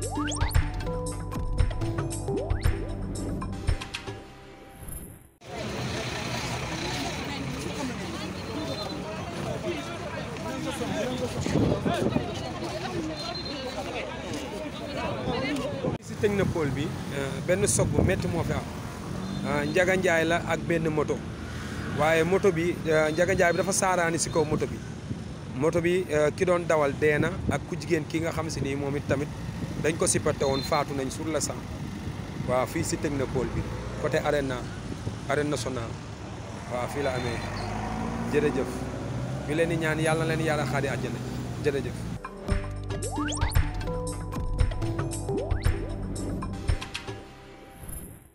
si technopole bi euh, benn choc bu métti moo fi am euh, Njaga la ak benn moto waaye moto bi euh, Njaga Njaay bi dafa saaraani ci kaw moto bi moto bi ki doon dawal dee na ak ku jigéen ki nga xam si ni moom it tamit dañ ko supporté woon faatu nañ sur le champ waaw fii si teg technopole bi côté arena arène nationale waaw fii la amee jërëjëf ñu leen ñaan yàlla na leen yàlla xaari àjjana jërëjëf